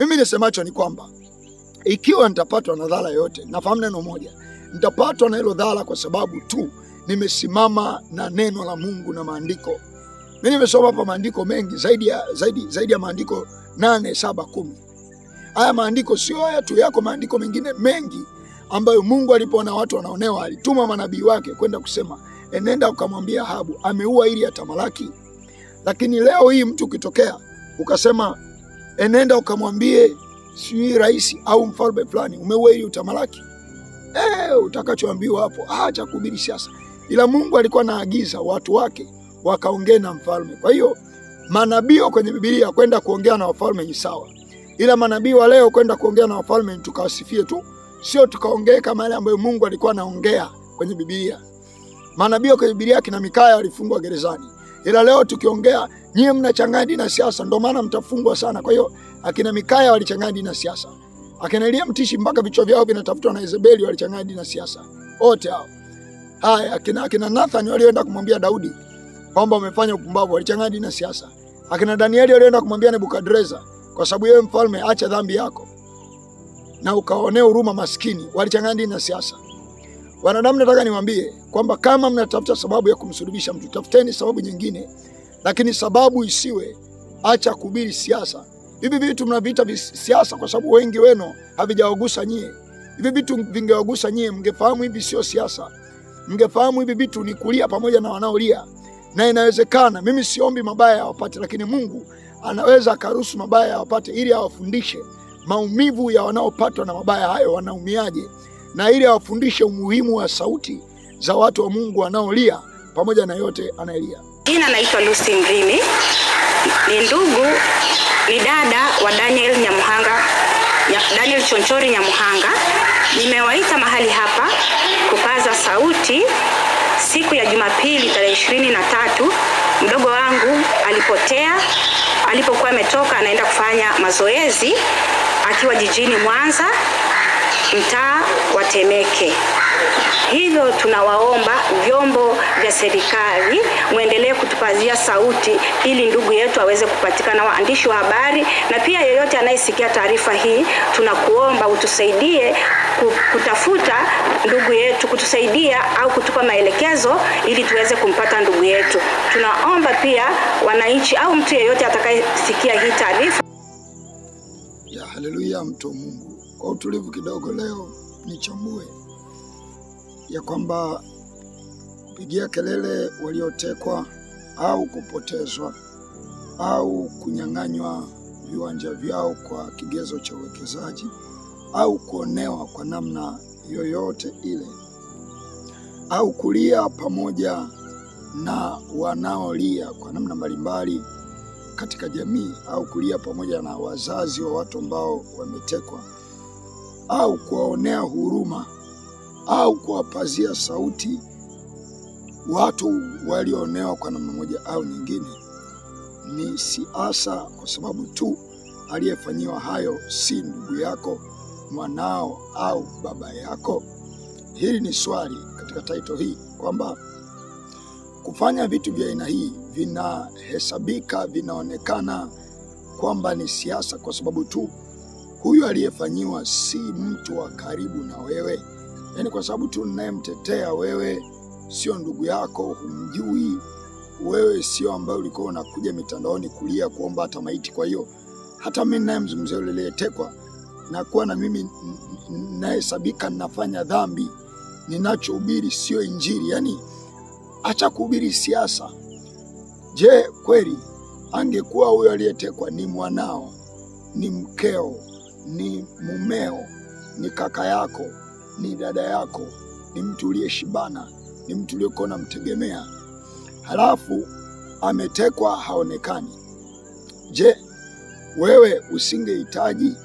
Mimi nisemacho ni kwamba ikiwa nitapatwa na dhara yote, nafahamu neno moja, nitapatwa na hilo dhara kwa sababu tu nimesimama na neno la Mungu na maandiko. mi nimesoma hapa maandiko mengi zaidi ya, zaidi, zaidi ya maandiko nane saba kumi. Haya maandiko sio haya tu, yako maandiko mengine mengi ambayo Mungu alipoona watu wanaonewa alituma manabii wake kwenda kusema, enenda ukamwambia Ahabu ameua ili atamalaki. Lakini leo hii mtu ukitokea ukasema enenda ukamwambie sijui rais au mfalme fulani ili utamalaki. E, utakachoambiwa hapo. Acha kuhubiri siasa, ila Mungu alikuwa anaagiza watu wake wakaongee na mfalme. Kwa hiyo manabii kwenye Biblia kwenda kuongea na wafalme ni sawa, ila manabii wa leo kwenda kuongea na wafalme tukawasifie tu, sio tukaongee kama yale ambayo Mungu alikuwa anaongea kwenye Biblia. Manabii kwenye Biblia kina Mikaya walifungwa gerezani, ila leo tukiongea Nyie mnachanganya dini na siasa, ndio maana mtafungwa sana. Kwa hiyo akina Mikaya walichanganya dini na siasa, akina Elia Mtishi mpaka vichwa vyao vinatafutwa na Izebeli, walichanganya dini na siasa wote hao. Haya, akina akina Nathan walioenda kumwambia Daudi kwamba umefanya upumbavu, walichanganya dini na siasa. Akina Danieli walioenda kumwambia Nebukadreza, kwa sababu yeye mfalme, acha dhambi yako na ukaonea huruma maskini, walichanganya dini na siasa. Wanadamu, nataka niwaambie kwamba kama mnatafuta sababu ya kumsulubisha mtu, tafuteni sababu nyingine lakini sababu isiwe acha kuhubiri siasa. Hivi vitu mnaviita siasa kwa sababu wengi wenu havijawagusa nyie. Hivi vitu vingewagusa nyie, mngefahamu hivi sio siasa, mngefahamu hivi vitu ni kulia pamoja na wanaolia. Na inawezekana, mimi siombi mabaya yawapate, lakini Mungu anaweza akaruhusu mabaya yawapate ili awafundishe maumivu ya wanaopatwa na mabaya hayo wanaumiaje, na ili awafundishe umuhimu wa sauti za watu wa Mungu wanaolia pamoja na yote anaelia. Jina naitwa Lucy Mrimi, ni ndugu, ni dada wa Daniel Nyamuhanga, Daniel Chonchori Nyamuhanga. Nimewaita mahali hapa kupaza sauti siku ya Jumapili tarehe ishirini na tatu mdogo wangu alipotea alipokuwa ametoka anaenda kufanya mazoezi akiwa jijini Mwanza mtaa wa Temeke. Hivyo tunawaomba vyombo vya serikali mwendelee kutupazia sauti ili ndugu yetu aweze kupatikana, waandishi wa habari na pia yeyote anayesikia taarifa hii, tunakuomba utusaidie kutafuta ndugu yetu, kutusaidia au kutupa maelekezo ili tuweze kumpata ndugu yetu. Tunaomba pia wananchi au mtu yeyote atakayesikia hii taarifa ya haleluya, mtu Mungu kwa utulivu kidogo leo nichambue ya kwamba kupigia kelele waliotekwa au kupotezwa au kunyang'anywa viwanja vyao kwa kigezo cha uwekezaji au kuonewa kwa namna yoyote ile au kulia pamoja na wanaolia kwa namna mbalimbali katika jamii au kulia pamoja na wazazi wa watu ambao wametekwa au kuwaonea huruma au kuwapazia sauti watu walioonewa kwa namna moja au nyingine. Ni siasa, kwa sababu tu aliyefanyiwa hayo si ndugu yako, mwanao au baba yako. Hili ni swali katika taito hii kwamba kufanya vitu vya aina hii vinahesabika, vinaonekana kwamba ni siasa kwa sababu tu huyu aliyefanyiwa si mtu wa karibu na wewe? Yaani kwa sababu tu ninayemtetea wewe sio ndugu yako, humjui wewe, sio ambaye ulikuwa unakuja mitandaoni kulia kuomba hata maiti. Kwa hiyo hata mimi ninayemzungumzia yule aliyetekwa na kuwa na mimi ninayehesabika ninafanya dhambi, ninachohubiri sio Injili. Yaani acha kuhubiri siasa. Je, kweli angekuwa huyo aliyetekwa ni mwanao, ni mkeo ni mumeo, ni kaka yako, ni dada yako, ni mtu uliyeshibana, ni mtu uliyokuwa unamtegemea, halafu ametekwa, haonekani. Je, wewe usingehitaji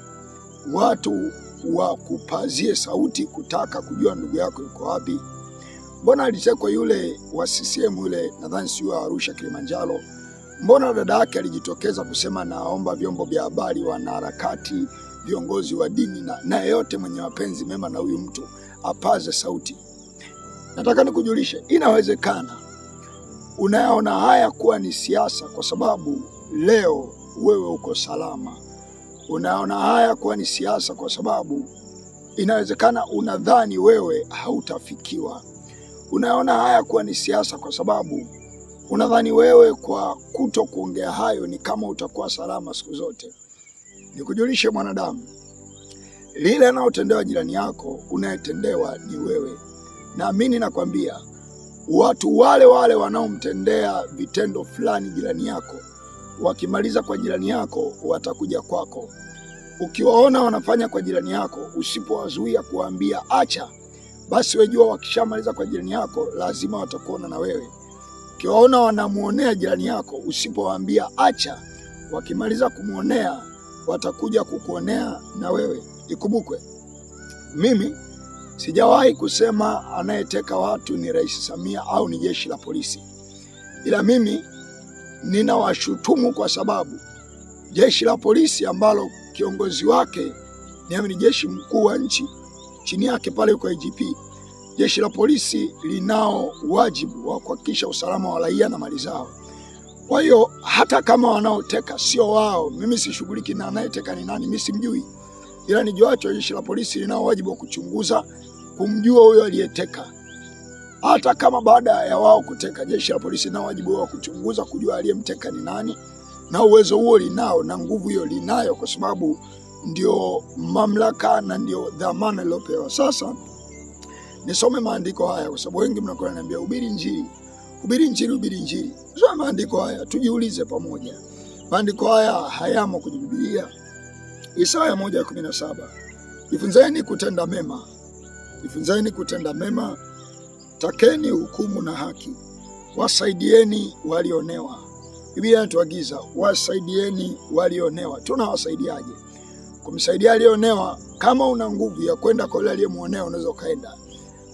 watu wa kupazie sauti kutaka kujua ndugu yako yuko wapi? Mbona alitekwa yule wa CCM yule, nadhani sio wa Arusha, Kilimanjaro? Mbona dada yake alijitokeza kusema, naomba vyombo vya habari, wanaharakati viongozi wa dini na, na yeyote mwenye mapenzi mema na huyu mtu apaze sauti. Nataka nikujulishe, inawezekana unayaona haya kuwa ni siasa, kwa sababu leo wewe uko salama. Unaona haya kuwa ni siasa, kwa sababu inawezekana unadhani wewe hautafikiwa. Unaona haya kuwa ni siasa, kwa sababu unadhani wewe kwa kuto kuongea hayo ni kama utakuwa salama siku zote. Nikujulishe mwanadamu, lile anaotendewa jirani yako unayetendewa ni wewe. Naamini nakwambia, watu wale wale wanaomtendea vitendo fulani jirani yako, wakimaliza kwa jirani yako watakuja kwako. Ukiwaona wanafanya kwa jirani yako, usipowazuia kuwaambia acha, basi wejua wakishamaliza kwa jirani yako lazima watakuona na wewe. Ukiwaona wanamwonea jirani yako, usipowaambia acha, wakimaliza kumwonea watakuja kukuonea na wewe. Ikumbukwe mimi sijawahi kusema anayeteka watu ni Rais Samia au ni jeshi la polisi, ila mimi ninawashutumu kwa sababu jeshi la polisi ambalo kiongozi wake ni jeshi mkuu wa nchi, chini yake pale yuko IGP. Jeshi la polisi linao wajibu wa kuhakikisha usalama wa raia na mali zao. Kwa hiyo hata kama wanaoteka sio wao, mimi sishughuliki na anayeteka ni nani, mimi simjui, ila nijuacho, jeshi la polisi linao wajibu wa kuchunguza kumjua huyo aliyeteka. Hata kama baada ya wao kuteka, jeshi la polisi linao wajibu wa kuchunguza kujua aliyemteka ni nani, na uwezo huo linao na nguvu hiyo linayo, kwa sababu ndio mamlaka na ndio dhamana iliyopewa. Sasa nisome maandiko haya, kwa sababu wengi mnakuwa naniambia, ubiri Injili. Hubiri Injili, hubiri Injili. Soma maandiko haya, tujiulize pamoja. Maandiko haya hayamo kwenye Biblia. Isaya moja ya saba jifunzeni kutenda mema, jifunzeni kutenda mema, takeni hukumu na haki, wasaidieni walionewa. Biblia inatuagiza wasaidieni walionewa. Tunawasaidiaje? Kumsaidia alionewa, kama una nguvu ya kwenda kwa yule aliyemwonea, unaweza ukaenda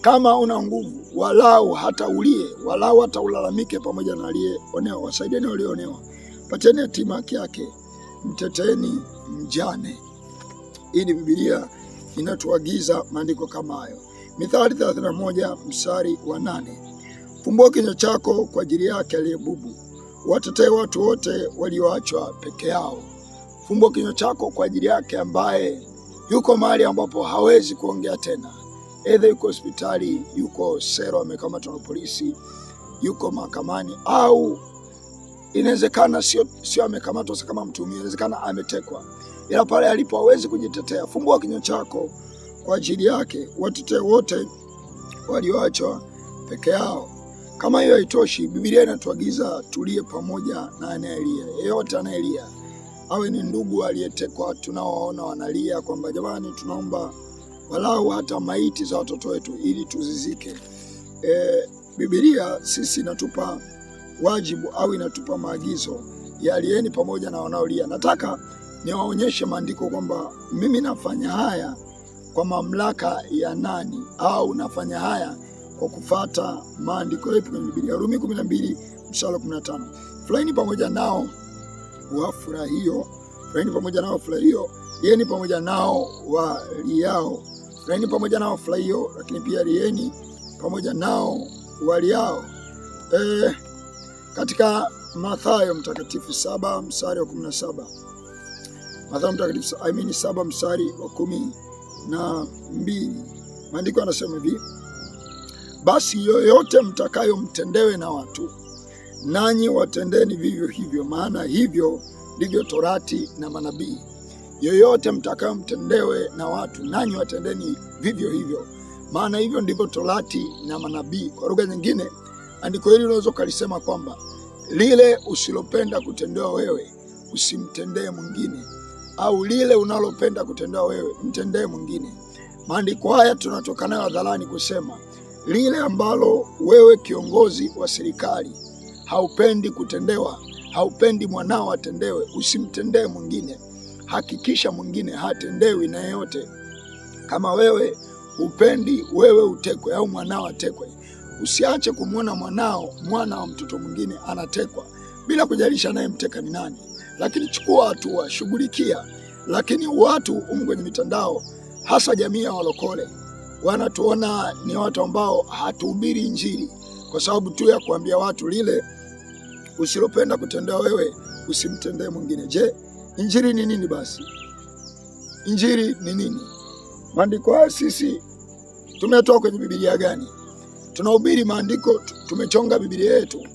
kama una nguvu, walau hata ulie, walau hata ulalamike pamoja na aliyeonewa. Wasaidieni walioonewa pateni hatima haki yake, mteteni mjane. Hii ni Biblia inatuagiza maandiko kama hayo. Mithali 31 mstari wa nane, fumbua kinywa chako kwa ajili yake aliyebubu, watetee watu wote walioachwa peke yao. Fumbua kinywa chako kwa ajili yake ambaye yuko mahali ambapo hawezi kuongea tena edha yuko hospitali, yuko sero, amekamatwa na polisi, yuko mahakamani, au inawezekana sio sio amekamatwa kama mtumia, inawezekana ametekwa, ila pale alipo hawezi kujitetea. Fungua kinywa chako kwa ajili yake, watetee wote walioachwa peke yao. Kama hiyo haitoshi, Biblia inatuagiza tulie pamoja na anayelia. Yeyote anayelia, awe ni ndugu aliyetekwa, tunaoona wanalia kwamba jamani, tunaomba walau hata maiti za watoto wetu ili tuzizike. E, Biblia sisi inatupa wajibu au inatupa maagizo yalieni pamoja na wanaolia. Nataka niwaonyeshe maandiko kwamba mimi nafanya haya kwa mamlaka ya nani, au nafanya haya kwa kufata maandiko yetu kwenye Biblia. Warumi 12 mstari 15, furahini pamoja nao wafurahio, furahini pamoja nao wafurahio, lieni pamoja nao waliao, Furahini pamoja nao furaha lakini pia rieni pamoja nao wali yao. E, katika Mathayo mtakatifu saba mstari wa kumi na saba Mathayo mtakatifu I mean saba mstari wa kumi na mbili maandiko yanasema hivi: basi yoyote mtakayo mtendewe na watu nanyi watendeni vivyo hivyo, maana hivyo ndivyo torati na manabii yoyote mtakayomtendewe na watu, nanyi watendeni vivyo hivyo, maana hivyo ndivyo Torati na manabii. Kwa lugha nyingine, andiko hili unaweza ukalisema kwamba lile usilopenda kutendewa wewe usimtendee mwingine, au lile unalopenda kutendewa wewe mtendee mwingine. Maandiko haya tunatoka nayo hadharani kusema lile ambalo wewe kiongozi wa serikali haupendi kutendewa, haupendi mwanao atendewe, usimtendee mwingine hakikisha mwingine hatendewi na yeyote. Kama wewe upendi wewe utekwe au mwanao atekwe, usiache kumwona mwanao, mwana wa mtoto mwingine anatekwa bila kujalisha mteka ni nani, lakini chukua hatua, shughulikia. Lakini watu umu kwenye mitandao, hasa jamii ya walokole, wanatuona ni watu ambao hatuhubiri Injili kwa sababu tu ya kuambia watu lile usilopenda kutendewa wewe usimtendee mwingine. Je, Injili ni nini basi? Injili ni nini? Maandiko haya sisi tumetoa kwenye Biblia gani? Tunahubiri maandiko, tumechonga Biblia yetu.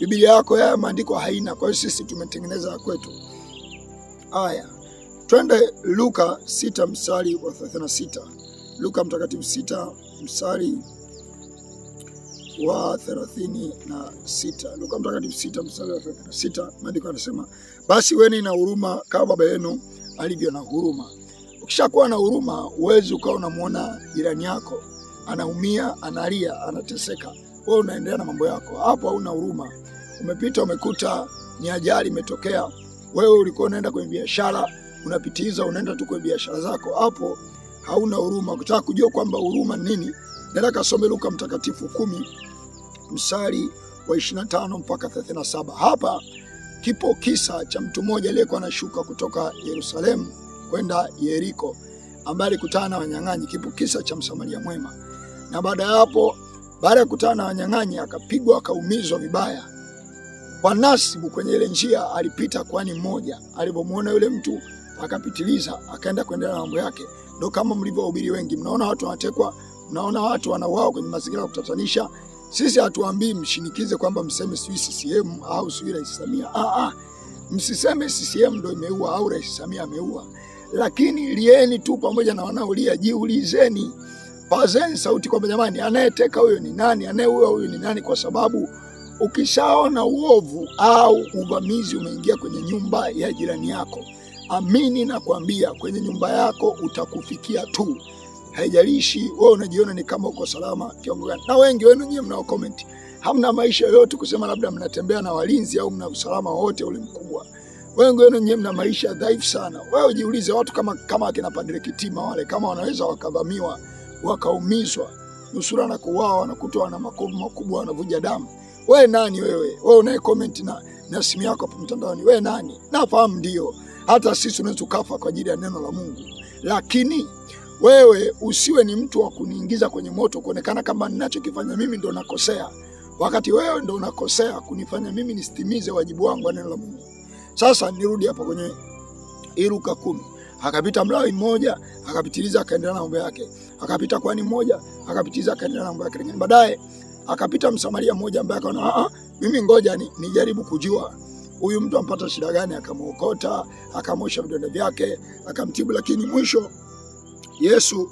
Biblia yako haya maandiko haina, kwa hiyo sisi tumetengeneza kwetu. Haya, twende Luka 6 mstari wa 36. Luka mtakatifu 6 mstari wa 36. Luka mtakatifu 6 mstari wa 36, maandiko yanasema basi weni na huruma kama baba yenu alivyo na huruma. Ukishakuwa na huruma, uwezi ukawa unamwona jirani yako anaumia, analia, anateseka, wewe unaendelea na mambo yako. Hapo hauna huruma. Umepita, umekuta ni ajali imetokea, wewe ulikuwa unaenda kwenye biashara, unapitiza unaenda tu kwenye biashara zako. Hapo hauna huruma. Ukitaka kujua kwamba huruma ni nini, nenda kasome Luka Mtakatifu kumi mstari wa 25 mpaka 37. Hapa Kipo kisa cha mtu mmoja aliyekuwa anashuka kutoka Yerusalemu kwenda Yeriko, ambaye alikutana na wanyang'anyi. Kipo kisa cha Msamaria mwema. Na baada ya hapo, baada ya kutana na wanyang'anyi, akapigwa akaumizwa vibaya. Kwa nasibu, kwenye ile njia alipita kwani mmoja alipomuona yule mtu akapitiliza, akaenda kuendelea na mambo yake. Ndo kama mlivyohubiri wengi, mnaona watu wanatekwa, mnaona watu wanauawa kwenye mazingira ya kutatanisha. Sisi hatuambii mshinikize kwamba mseme sijui CCM au sijui Rais Samia. Ah, ah. Msiseme CCM ndo imeua au Rais Samia ameua, lakini lieni tu pamoja na wanaolia, jiulizeni, pazeni sauti kwamba jamani, anayeteka huyo ni nani? Anayeua huyo ni nani? Kwa sababu ukishaona uovu au uvamizi umeingia kwenye nyumba ya jirani yako, amini na kuambia, kwenye nyumba yako utakufikia tu haijalishi wewe unajiona ni kama uko salama kiwango gani. Na wengi wenu nyie mnao comment hamna maisha yoyote kusema labda mnatembea na walinzi au mna usalama wote ule mkubwa. Wengi wenu nyie mna maisha dhaifu sana. Wewe ujiulize, watu kama kama akina Padre Kitima wale kama wanaweza wakavamiwa wakaumizwa nusura na kuuawa wanakutwa na makovu makubwa wanavuja damu, wewe nani? Wewe wewe unaye comment na na simu yako hapo mtandaoni, wewe nani? Nafahamu ndio hata sisi tunaweza kufa kwa ajili ya neno la Mungu, lakini wewe usiwe ni mtu wa kuniingiza kwenye moto, kuonekana kama ninachokifanya mimi ndo nakosea, wakati wewe ndo unakosea kunifanya mimi nisitimize wajibu wangu wa neno la Mungu. Sasa nirudi hapa kwenye iruka kumi. Akapita Mlawi mmoja akapitiliza, akaendelea na mambo yake. Akapita kwani mmoja akapitiliza, akaendelea na mambo yake. Lakini baadaye akapita Msamaria mmoja ambaye akaona ah, ah mimi ngoja ni, nijaribu kujua huyu mtu ampata shida gani. Akamwokota, akamosha vidonda vyake, akamtibu, lakini mwisho Yesu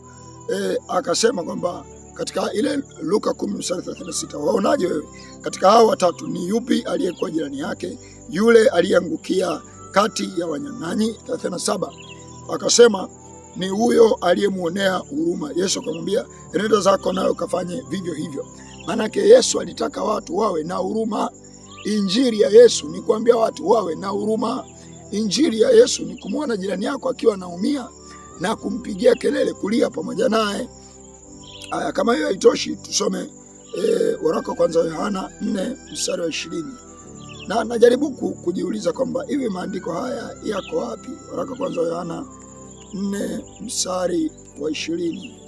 eh, akasema kwamba katika ile Luka 10:36 waonaje wewe katika hao watatu ni yupi aliyekuwa jirani yake yule aliyeangukia kati ya wanyang'anyi? 37 akasema ni huyo aliyemwonea huruma. Yesu akamwambia nenda zako nayo kafanye vivyo hivyo. Maanake Yesu alitaka watu wawe na huruma. Injili ya Yesu ni kuambia watu wawe na huruma. Injili ya Yesu ni kumwona jirani yako akiwa anaumia na kumpigia kelele, kulia pamoja naye. Aya, kama hiyo haitoshi, tusome e, waraka kwanza Yohana 4 mstari wa ishirini na najaribu kujiuliza kwamba hivi maandiko haya yako wapi? Waraka kwanza Yohana 4 mstari wa ishirini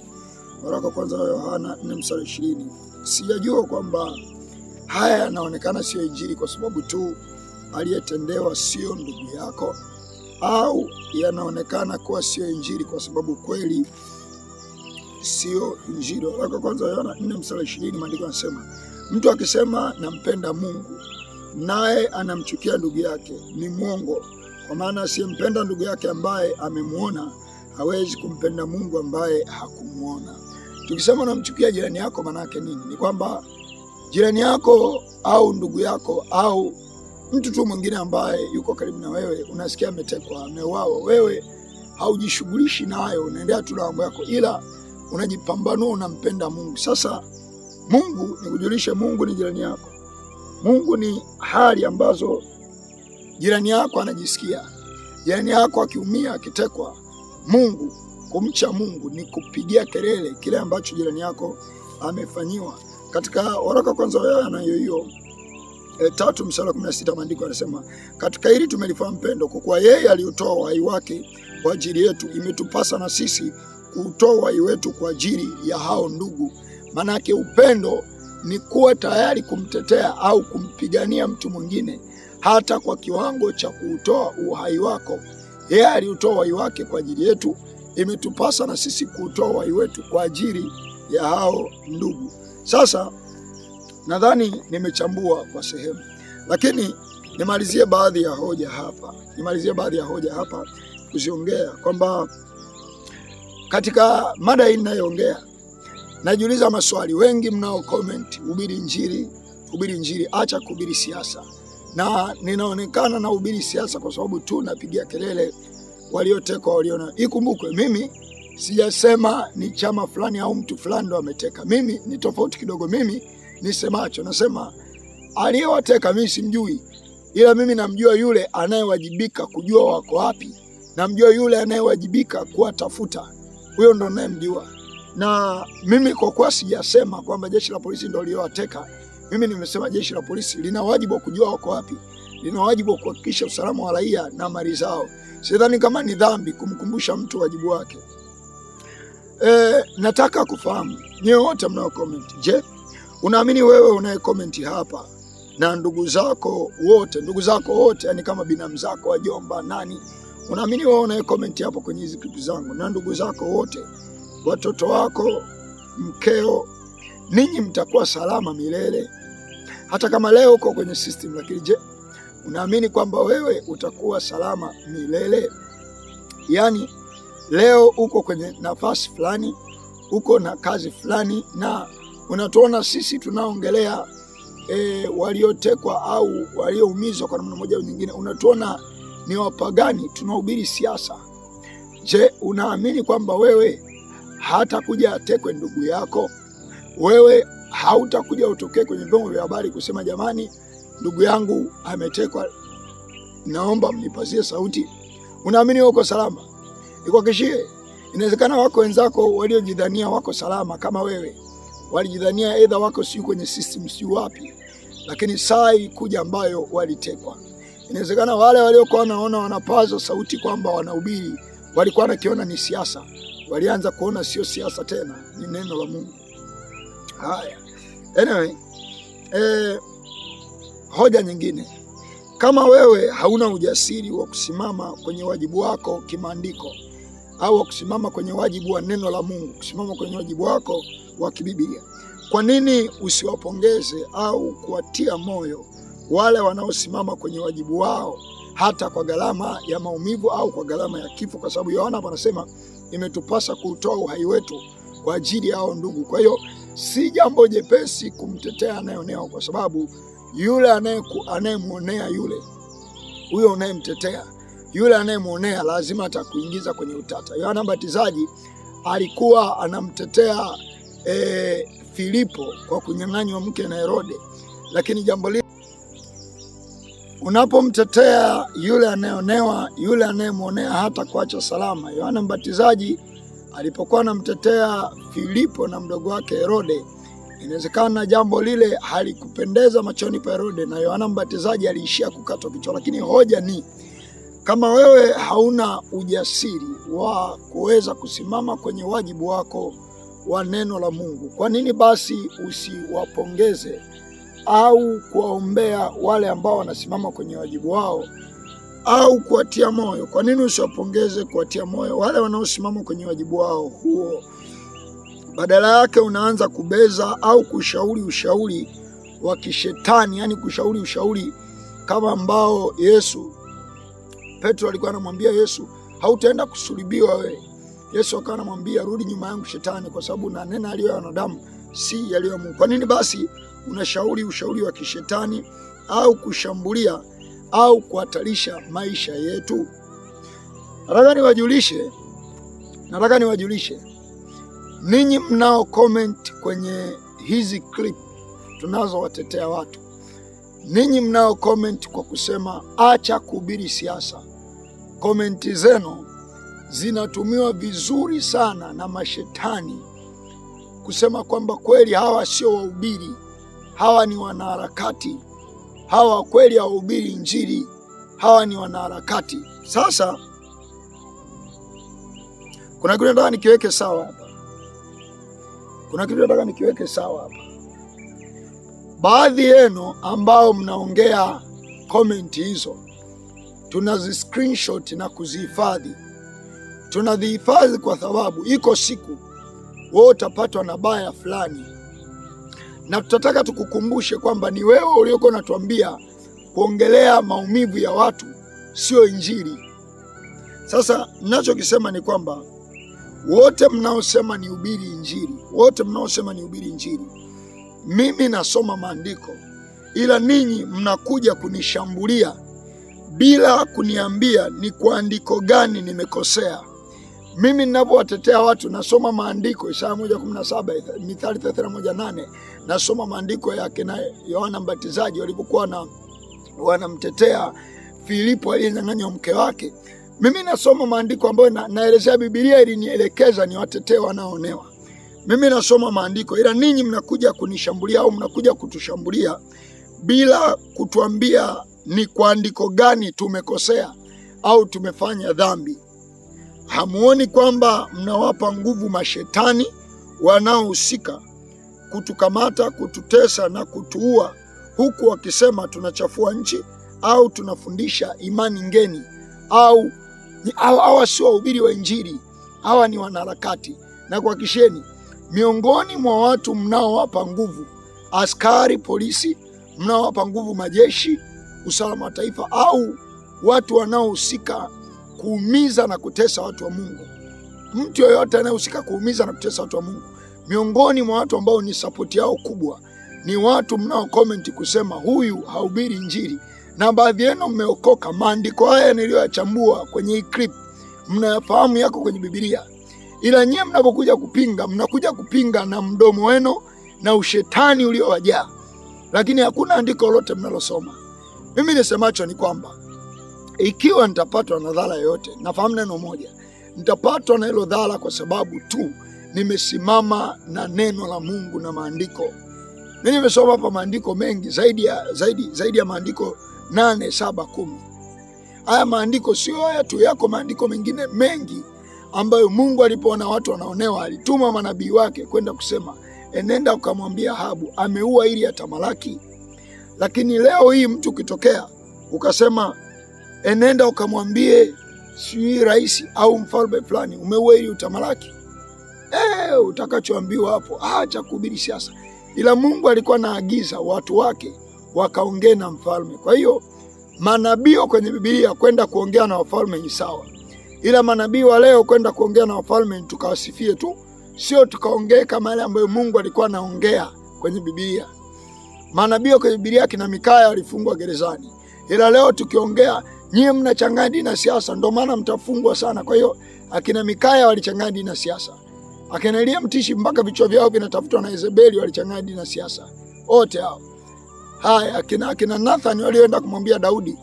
waraka kwanza wa Yohana 4 mstari wa ishirini Sijajua kwamba haya yanaonekana siyo Injili kwa sababu tu aliyetendewa sio ndugu yako au yanaonekana kuwa sio Injili kwa sababu kweli sio Injili. Waraka kwanza Yohana nne mstari 20, maandiko yanasema mtu akisema nampenda Mungu naye anamchukia ndugu yake ni mwongo, kwa maana asiyempenda ndugu yake ambaye amemwona hawezi kumpenda Mungu ambaye hakumwona. Tukisema unamchukia jirani yako, maana yake nini? Ni kwamba jirani yako au ndugu yako au mtu tu mwingine ambaye yuko karibu na wewe, unasikia ametekwa, ameuawa, wewe haujishughulishi nayo, unaendelea tu na mambo yako, ila unajipambanua, unampenda Mungu. Sasa Mungu nikujulishe, Mungu ni jirani yako. Mungu ni hali ambazo jirani yako anajisikia. Jirani yako akiumia, akitekwa, Mungu kumcha Mungu ni kupigia kelele kile ambacho jirani yako amefanyiwa. Katika waraka kwanza wa Yohana hiyo hiyo e, tatu mstari wa kumi na sita maandiko anasema, katika hili tumelifahamu pendo, kwa kuwa yeye aliutoa uhai wake kwa ajili yetu, imetupasa na sisi kuutoa uhai wetu kwa ajili ya hao ndugu. Maanake upendo ni kuwa tayari kumtetea au kumpigania mtu mwingine hata kwa kiwango cha kuutoa uhai wako. Yeye aliutoa uhai wake kwa ajili yetu, imetupasa na sisi kuutoa uhai wetu kwa ajili ya hao ndugu. Sasa Nadhani nimechambua kwa sehemu, lakini nimalizie baadhi ya hoja hapa, nimalizie baadhi ya hoja hapa kuziongea kwamba katika mada hii ninayoongea, najiuliza maswali. Wengi mnao comment hubiri Injili, hubiri Injili, acha kuhubiri siasa, na ninaonekana na hubiri siasa kwa sababu tu napigia kelele waliotekwa, waliona. Ikumbukwe mimi sijasema ni chama fulani au mtu fulani ndo ameteka. Mimi ni tofauti kidogo, mimi nisemacho. Nasema aliyewateka mimi simjui, ila mimi namjua yule anayewajibika kujua wako wapi, namjua yule anayewajibika kuwatafuta. Huyo ndo nayemjua. na mimi kwa kuwa sijasema kwamba jeshi la polisi ndo liliowateka, mimi nimesema jeshi la polisi lina wajibu wa kujua wako wapi, lina wajibu wa kuhakikisha usalama wa raia na mali zao. Sidhani kama ni dhambi kumkumbusha mtu wajibu wake. E, nataka kufahamu nyewe wote mnao comment. Je, Unaamini wewe unaye komenti hapa na ndugu zako wote, ndugu zako wote, yani kama binamu zako, wajomba, nani, unaamini wewe unaye comment hapo kwenye hizi klipu zangu, na ndugu zako wote, watoto wako, mkeo, ninyi mtakuwa salama milele, hata kama leo uko kwenye system. Lakini je, unaamini kwamba wewe utakuwa salama milele? Yani leo uko kwenye nafasi fulani, uko na kazi fulani na Unatuona sisi tunaongelea e, waliotekwa au walioumizwa kwa namna moja au nyingine, unatuona ni wapagani, tunahubiri siasa. Je, unaamini kwamba wewe hata kuja atekwe ndugu yako? Wewe hautakuja utokee kwenye vyombo vya habari kusema jamani, ndugu yangu ametekwa, naomba mnipazie sauti? Unaamini uko salama? ikwakishie inawezekana wako wenzako waliojidhania wako salama kama wewe walijidhania edha wako siu kwenye system si wapi, lakini saa ilikuja ambayo walitekwa. Inawezekana wale waliokuwa wanaona wanapaza sauti kwamba wanahubiri walikuwa wanakiona ni siasa, walianza kuona sio siasa tena, ni neno la Mungu. Haya, anyway, eh, hoja nyingine, kama wewe hauna ujasiri wa kusimama kwenye wajibu wako kimaandiko au wa kusimama kwenye wajibu wa neno la Mungu, kusimama kwenye wajibu wako wa kibiblia. Kwa nini usiwapongeze au kuwatia moyo wale wanaosimama kwenye wajibu wao hata kwa gharama ya maumivu au kwa gharama ya kifo? Kwa sababu Yohana hapa anasema imetupasa kuutoa uhai wetu kwa ajili yao ndugu. Kwa hiyo si jambo jepesi kumtetea anayeonewa, kwa sababu yule anayemwonea yule huyo unayemtetea yule anayemwonea lazima atakuingiza kwenye utata. Yohana Mbatizaji alikuwa anamtetea e, Filipo kwa kunyang'anywa mke na Herode, lakini jambo lile unapomtetea yule anayeonewa, yule anayemwonea hata kuacha salama. Yohana Mbatizaji alipokuwa anamtetea Filipo na mdogo wake Herode, inawezekana jambo lile halikupendeza machoni pa Herode na Yohana Mbatizaji aliishia kukatwa kichwa, lakini hoja ni kama wewe hauna ujasiri wa kuweza kusimama kwenye wajibu wako wa neno la Mungu, kwa nini basi usiwapongeze au kuwaombea wale ambao wanasimama kwenye wajibu wao au kuwatia moyo? Kwa nini usiwapongeze, kuwatia moyo wale wanaosimama kwenye wajibu wao huo? Badala yake unaanza kubeza au kushauri ushauri wa kishetani, yaani kushauri ushauri kama ambao Yesu Petro alikuwa anamwambia Yesu, hautaenda kusulubiwa wewe. Yesu akawa anamwambia, rudi nyuma yangu Shetani, kwa sababu na nena aliyo ya wanadamu si yaliyo ya Mungu. Kwa nini basi unashauri ushauri wa kishetani au kushambulia au kuhatarisha maisha yetu? Nataka niwajulishe, nataka niwajulishe ninyi mnao comment kwenye hizi clip tunazowatetea watu, ninyi mnao comment kwa kusema acha kuhubiri siasa komenti zenu zinatumiwa vizuri sana na mashetani kusema kwamba kweli hawa sio wahubiri, hawa ni wanaharakati, hawa kweli hawahubiri Injili, hawa ni wanaharakati. Sasa kuna kitu nataka nikiweke sawa hapa, kuna kitu nataka nikiweke sawa hapa. Baadhi yenu ambao mnaongea komenti hizo tunazi screenshot na kuzihifadhi. Tunazihifadhi kwa sababu iko siku wewe utapatwa na baya fulani, na tutataka tukukumbushe kwamba ni wewe uliokuwa unatuambia kuongelea maumivu ya watu sio Injili. Sasa ninachokisema ni kwamba wote mnaosema ni ubiri Injili, wote mnaosema ni ubiri Injili, mimi nasoma maandiko, ila ninyi mnakuja kunishambulia bila kuniambia ni kwa andiko gani nimekosea. Mimi ninapowatetea watu nasoma maandiko, Isaya 1:17, Mithali 31:8, nasoma maandiko yake na Yohana Mbatizaji walipokuwa na wanamtetea Filipo aliyenyang'anywa mke wake. Mimi nasoma maandiko ambayo na, naelezea Biblia ilinielekeza niwatetee wanaonewa Mimi nasoma maandiko, ila ninyi mnakuja kunishambulia au mnakuja kutushambulia bila kutuambia ni kwa andiko gani tumekosea au tumefanya dhambi. Hamuoni kwamba mnawapa nguvu mashetani wanaohusika kutukamata, kututesa na kutuua, huku wakisema tunachafua nchi au tunafundisha imani ngeni au hawa si wahubiri wa Injili, hawa ni wanaharakati. Na kuhakikisheni, miongoni mwa watu mnaowapa nguvu askari polisi, mnaowapa nguvu majeshi usalama wa taifa au watu wanaohusika kuumiza na kutesa watu wa Mungu. Mtu yoyote anayehusika kuumiza na kutesa watu wa Mungu, miongoni mwa watu ambao ni sapoti yao kubwa ni watu mnao komenti kusema huyu haubiri Injili, na baadhi yenu mmeokoka. Maandiko haya niliyoyachambua kwenye hii clip mnayafahamu, yako kwenye Biblia, ila nyie mnapokuja kupinga, mnakuja kupinga na mdomo wenu na ushetani uliowajaa, lakini hakuna andiko lolote mnalosoma mimi nisemacho ni kwamba ikiwa nitapatwa na dhara yoyote, nafahamu neno moja, nitapatwa na hilo dhara kwa sababu tu nimesimama na neno la Mungu na maandiko. Mimi nimesoma hapa maandiko mengi zaidi ya, zaidi, zaidi ya maandiko nane saba kumi. Haya maandiko sio haya tu, yako maandiko mengine mengi ambayo Mungu alipoona watu wanaonewa alituma manabii wake kwenda kusema, enenda ukamwambia Ahabu ameua ili atamalaki lakini leo hii mtu ukitokea ukasema enenda ukamwambie sijui rais au mfalme fulani umeua ili utamalaki, eh, utakachoambiwa hapo, acha kuhubiri siasa. Ila Mungu alikuwa anaagiza watu wake wakaongee na mfalme. Kwa hiyo manabii kwenye Biblia kwenda kuongea na wafalme ni sawa, ila manabii wa leo kwenda kuongea na wafalme tukawasifie tu, sio tukaongee kama yale ambayo Mungu alikuwa anaongea kwenye Biblia. Manabii kwenye Biblia kina Mikaya walifungwa gerezani, ila leo tukiongea, nyie mnachanganya dini na siasa, ndio maana mtafungwa sana. Kwa hiyo akina Mikaya walichanganya dini na siasa, akina Elia mtishi mpaka vichwa vyao vinatafutwa na Yezebeli walichanganya dini na siasa, wote hao. Haya, akina, akina Nathan walioenda kumwambia Daudi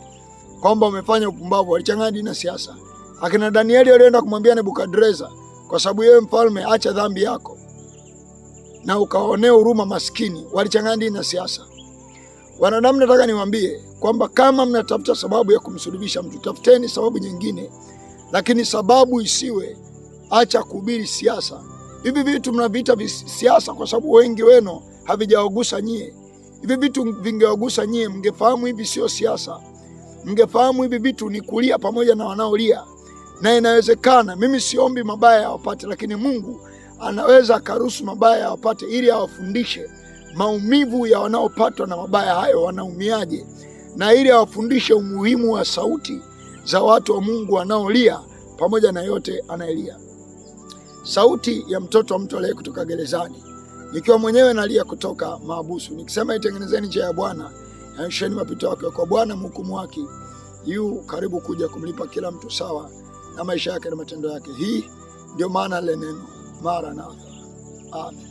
kwamba umefanya upumbavu walichanganya dini na siasa. Akina Danieli walioenda kumwambia Nebukadreza, kwa sababu yeye mfalme, acha dhambi yako na ukawaonea huruma maskini. Walichanganya dini na siasa. Wanadamu, nataka niwaambie kwamba kama mnatafuta sababu ya kumsulubisha mtu, tafuteni sababu nyingine, lakini sababu isiwe acha kuhubiri siasa. Hivi vitu mnaviita siasa kwa sababu wengi wenu havijawagusa nyie. Hivi vitu vingewagusa nyie, mngefahamu hivi sio siasa, mngefahamu hivi vitu ni kulia pamoja na wanaolia, na inawezekana, mimi siombi mabaya yawapate, lakini Mungu anaweza akaruhusu mabaya yawapate ili awafundishe maumivu ya wanaopatwa na mabaya hayo wanaumiaje, na ili awafundishe umuhimu wa sauti za watu wa Mungu wanaolia pamoja na yote anayelia. Sauti ya mtoto wa mtu aliye kutoka gerezani. Nikiwa mwenyewe nalia kutoka maabusu, nikisema itengenezeni njia ya Bwana, yaonyesheni mapito yake kwa Bwana mhukumu wake yu karibu kuja kumlipa kila mtu sawa na maisha yake na matendo yake. Hii ndio maana lile neno Maranatha. Amém.